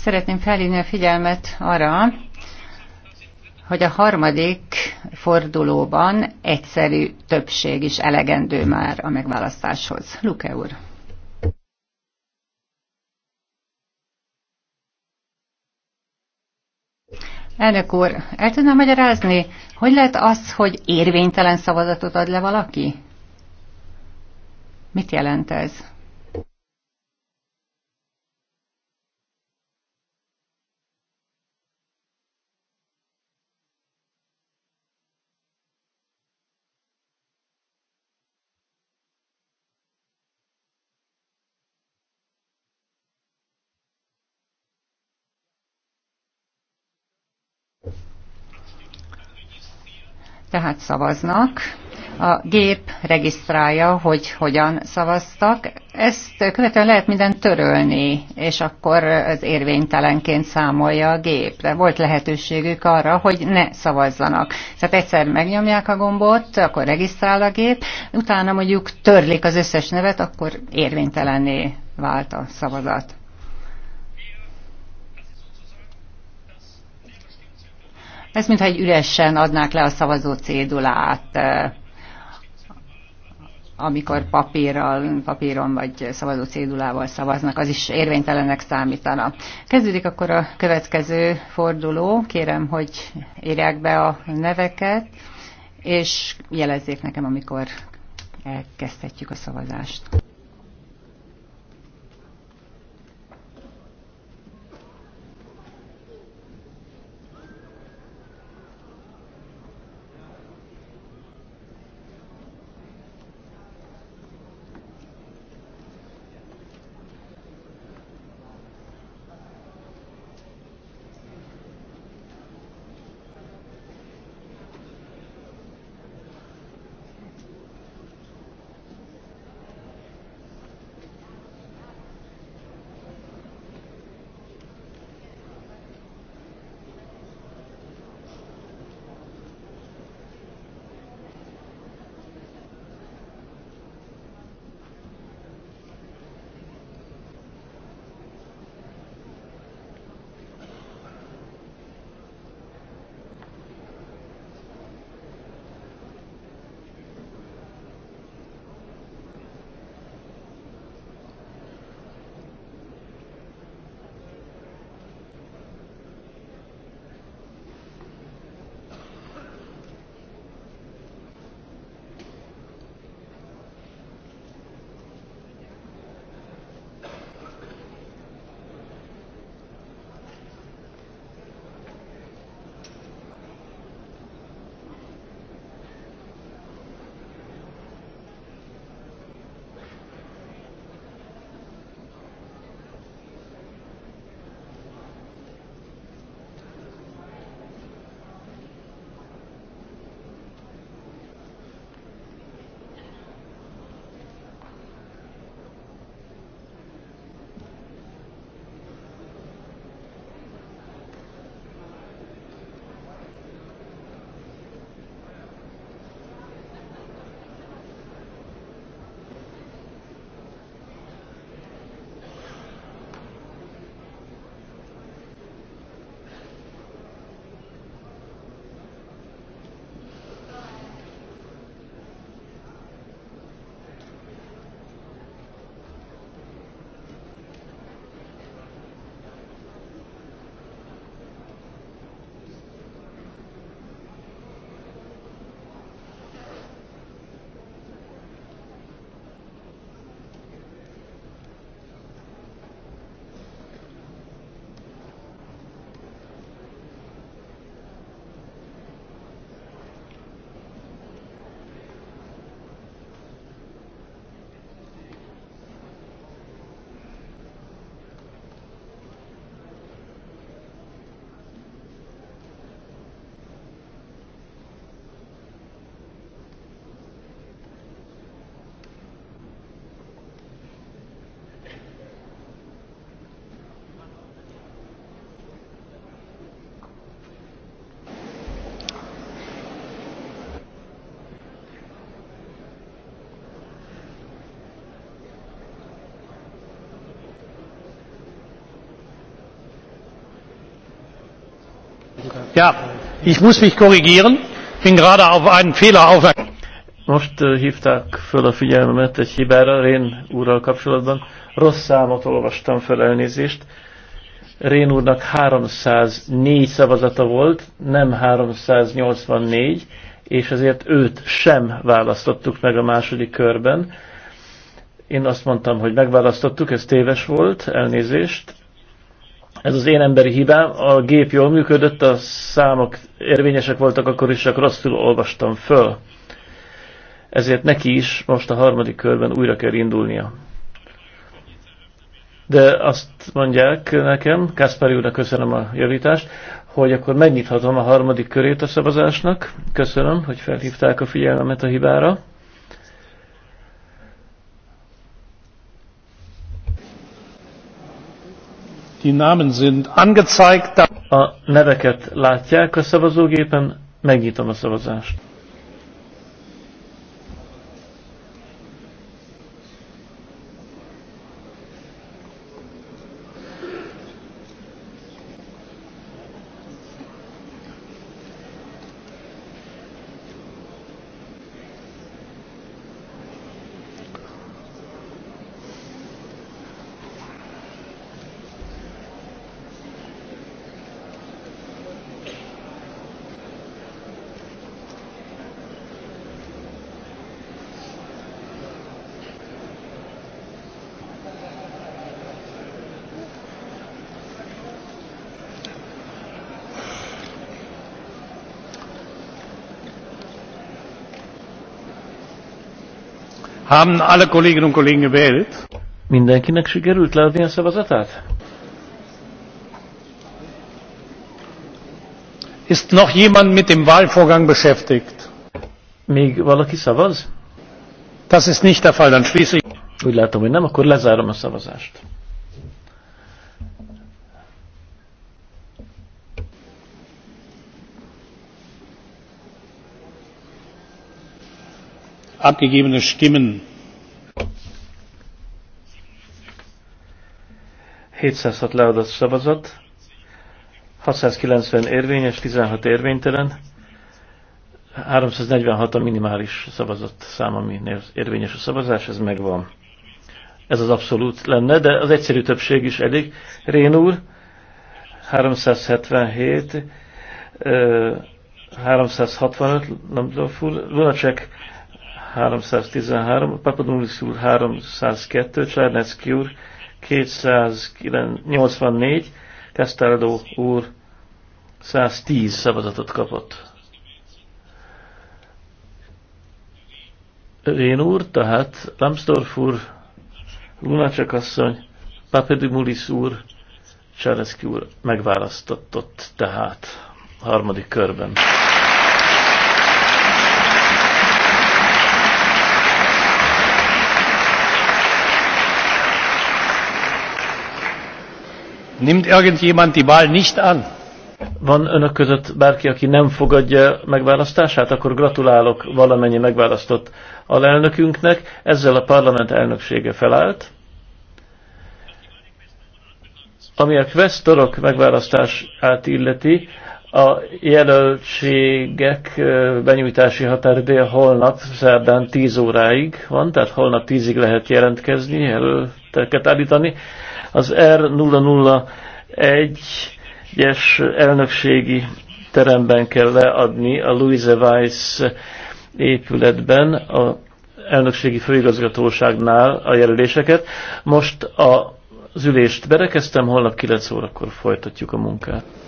Szeretném felhívni a figyelmet arra, hogy a harmadik fordulóban egyszerű többség is elegendő már a megválasztáshoz. Luke úr. Elnök úr, el tudnám magyarázni, hogy lehet az, hogy érvénytelen szavazatot ad le valaki? Mit jelent ez? tehát szavaznak. A gép regisztrálja, hogy hogyan szavaztak. Ezt követően lehet minden törölni, és akkor az érvénytelenként számolja a gép. De volt lehetőségük arra, hogy ne szavazzanak. Tehát egyszer megnyomják a gombot, akkor regisztrál a gép, utána mondjuk törlik az összes nevet, akkor érvénytelenné vált a szavazat. Ez mintha egy üresen adnák le a szavazó cédulát, eh, amikor papírral, papíron vagy szavazó cédulával szavaznak, az is érvénytelennek számítana. Kezdődik akkor a következő forduló. Kérem, hogy írják be a neveket, és jelezzék nekem, amikor elkezdhetjük a szavazást. Ja, ich muss mich korrigieren. Ich bin gerade auf einen Fehler aufmerksam. Most hívták föl a figyelmemet egy hibára, Rén úrral kapcsolatban. Rossz számot olvastam fel elnézést. Rén úrnak 304 szavazata volt, nem 384, és ezért őt sem választottuk meg a második körben. Én azt mondtam, hogy megválasztottuk, ez téves volt, elnézést, ez az én emberi hibám. A gép jól működött, a számok érvényesek voltak, akkor is csak rosszul olvastam föl. Ezért neki is most a harmadik körben újra kell indulnia. De azt mondják nekem, Kaspari úrnak köszönöm a javítást, hogy akkor megnyithatom a harmadik körét a szavazásnak. Köszönöm, hogy felhívták a figyelmemet a hibára. Die Namen sind angezeigt. A neveket látják a szavazógépen, megnyitom a szavazást. Haben alle Kolleginnen und Kollegen gewählt? Mindenkinek sikerült leadni a szavazatát? Ist noch jemand mit dem Wahlvorgang beschäftigt? Még valaki szavaz? Das ist nicht der Fall, dann schließe ich. Úgy látom, hogy nem, akkor lezárom a szavazást. abgegebene Stimmen 706 leadott szavazat, 690 érvényes, 16 érvénytelen, 346 a minimális szavazat szám, ami érvényes a szavazás, ez megvan. Ez az abszolút lenne, de az egyszerű többség is elég. Rén úr, 377, 365, Lambdorf Lunacek 313, Papadumulis úr 302, Csernecki úr 284, Castaldo úr 110 szavazatot kapott. Rén úr, tehát Lambsdorff úr, Lunacek asszony, Papadimulis úr, Csereszki úr megválasztatott tehát harmadik körben. Nimmt irgendjemand die Wahl nicht an? Van önök között bárki, aki nem fogadja megválasztását? Akkor gratulálok valamennyi megválasztott alelnökünknek. Ezzel a parlament elnöksége felállt. Ami a kvesztorok megválasztását illeti, a jelöltségek benyújtási határidője holnap szerdán 10 óráig van, tehát holnap 10-ig lehet jelentkezni, jelölteket állítani. Az R001-es elnökségi teremben kell leadni a Louise Weiss épületben, a elnökségi főigazgatóságnál a jelöléseket. Most a, az ülést berekeztem, holnap 9 órakor folytatjuk a munkát.